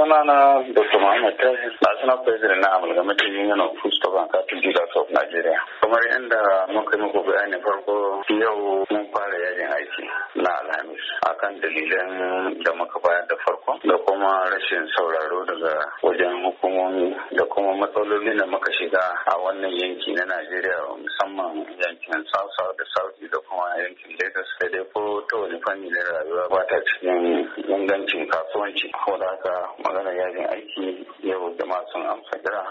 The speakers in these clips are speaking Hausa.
sunana Dr. Muhammad Tahir, National President na Amalgamatin Union of Food Stop and Cattle Dealers of Nigeria. Kamar inda muka yi muku bayani farko yau mun fara yajin aiki na Alhamis akan dalilan da muka bayar da farko da kuma rashin sauraro daga wajen matsaloli da muka shiga a wannan yanki na Najeriya musamman yankin South South da South da kuma yankin Lagos da dai ko ta wani fanni na rayuwa ba ta cikin ingancin kasuwanci ko da haka magana yajin aiki yau jama'a sun amsa jira.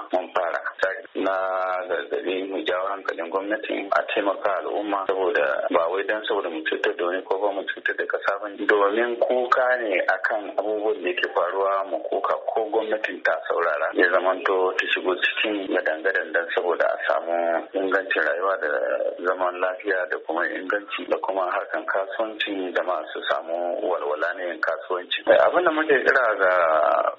taimaka al'umma saboda ba wai dan saboda mu cutar da wani ko ba mu cutar da kasa ba domin kuka ne akan abubuwan da yake faruwa mu kuka ko gwamnatin ta saurara ya zamanto ta shigo cikin gadangadan dan saboda a samu ingancin rayuwa da zaman lafiya da kuma inganci da kuma harkan kasuwanci da masu samu walwala ne kasuwanci abin da muke kira ga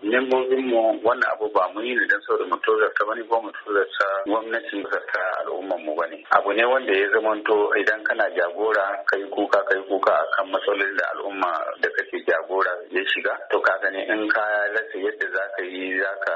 membobinmu wannan abu ba mu yi ne dan saboda mu tozarta ne ko mu tozarta gwamnatin ta al'umman mu bane abu ne wanda ya zamanto idan kana jagora kai kuka kai kuka akan matsalolin da al'umma da kake jagora ya shiga to ka gani in ka lasa yadda zaka yi zaka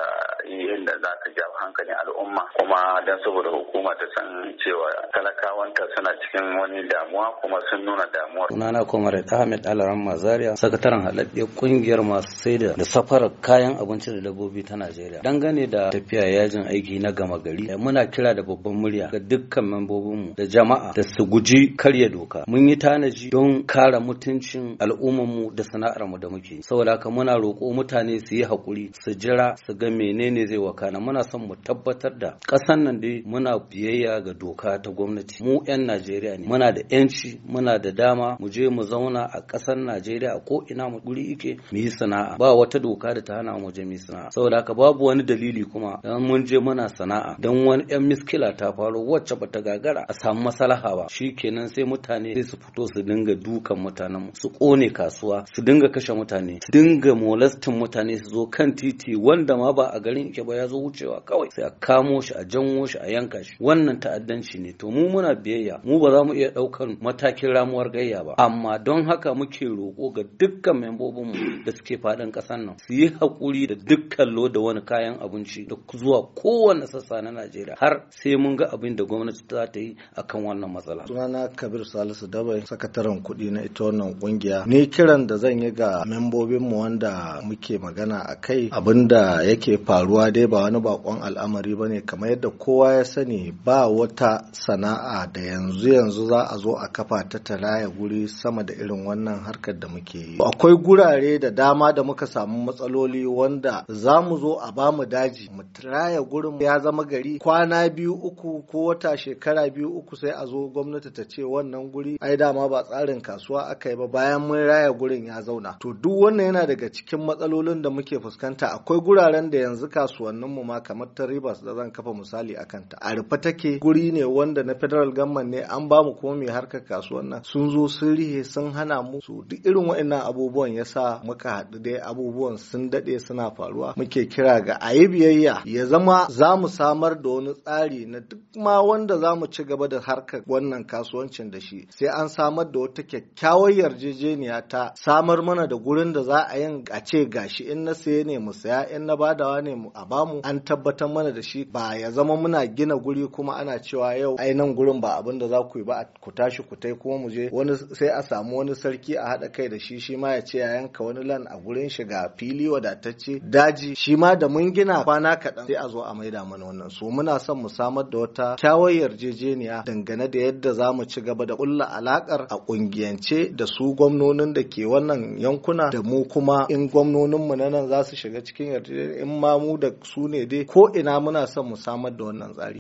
yi inda zaka jawo hankalin al'umma kuma don saboda hukuma ta san cewa talakawanta suna cikin wani damuwa kuma sun nuna damuwar. Sunana Comrade Ahmed Alaran Mazaria, sakataren haɗaɗɗiyar ƙungiyar masu saida da safarar kayan abinci da dabbobi ta Najeriya. Dangane da tafiya yajin aiki na gama gari, eh, muna kira da babban murya ga dukkan membobinmu da jama'a da su guji karya doka. Mun yi tanaji don kare mutuncin al'ummarmu da sana'armu da muke. Saboda haka muna roƙo mutane su yi haƙuri, su jira, su ga menene zai wakana. Muna son mu tabbatar da ƙasan nan dai muna biyayya ga doka ta gwamnati mu 'yan najeriya ne muna da 'yanci muna da dama mu je mu zauna a ƙasar najeriya a ko ina mu guri ike mu yi sana'a ba wata doka da ta hana mu je mu sana'a saboda haka babu wani dalili kuma dan mun je muna sana'a dan wani 'yan miskila ta faro wacce bata gagara a samu masalaha ba shikenan sai mutane sai su fito su dinga dukan mutanen mu su kone kasuwa su dinga kashe mutane su dinga molestin mutane su zo kan titi wanda ma ba a garin ke ba ya zo wucewa kawai sai a kamo shi a janwo shi a yanka shi wannan ta'addanci ne to mu muna biyayya mu ba za mu iya ɗaukar matakin ramuwar gayya ba amma don haka muke roƙo ga dukkan membobin mu da suke faɗin ƙasar nan su yi haƙuri da dukkan loda wani kayan abinci da zuwa kowane sassa na Najeriya har sai mun ga abin da gwamnati za ta yi akan wannan matsala. Sunana Kabir Salisu Dabai sakataren kuɗi na ita wannan kungiya ni kiran da zan yi ga membobin mu wanda muke magana akai abinda yake faruwa dai ba wani bakon al'amari bane. kamar yadda kowa ya sani ba wata sana'a da yanzu yanzu za a zo a kafa ta talaya guri sama da irin wannan harkar da muke yi akwai gurare da dama da muka samu matsaloli wanda za mu zo a ba mu daji mu talaya gurin ya zama gari kwana biyu uku ko wata shekara biyu uku sai a zo gwamnati ta ce wannan guri ai dama ba tsarin kasuwa aka yi ba bayan mun raya gurin ya zauna to duk wannan yana daga cikin matsalolin da muke fuskanta akwai guraren da yanzu kasuwanninmu ma kamar ta ribas da zan kafa kafa misali a kanta a rufe take guri ne wanda na federal government ne an bamu kuma mai harkar kasuwan nan sun zo sun rihe sun hana mu su duk irin waɗannan abubuwan yasa muka haɗu dai abubuwan sun daɗe suna faruwa muke kira ga a yi biyayya ya zama za mu samar da wani tsari na duk ma wanda za mu ci gaba da harkar wannan kasuwancin da shi sai an samar da wata kyakkyawar yarjejeniya ta samar mana da gurin da za a yin a ce gashi in na saye ne mu saya in na badawa ne a bamu an tabbatar mana da shi ba ya zama muna gina guri kuma ana cewa yau ai nan gurin ba abin da za ku yi ba ku tashi ku tai kuma mu je wani sai a samu wani sarki a haɗa kai da shi shi ma ya ce ya yanka wani lan a gurin shi ga fili wadatacce daji shi ma da mun gina kwana kaɗan sai a zo a maida mana wannan so muna son mu samar da wata kyawawan yarjejeniya dangane da yadda za mu ci gaba da ƙulla alaƙar a ƙungiyance da su gwamnonin da ke wannan yankuna da mu kuma in mu na nan za su shiga cikin yarjejeniya in ma mu da su ne dai ko ina muna son mu samar da wannan tsari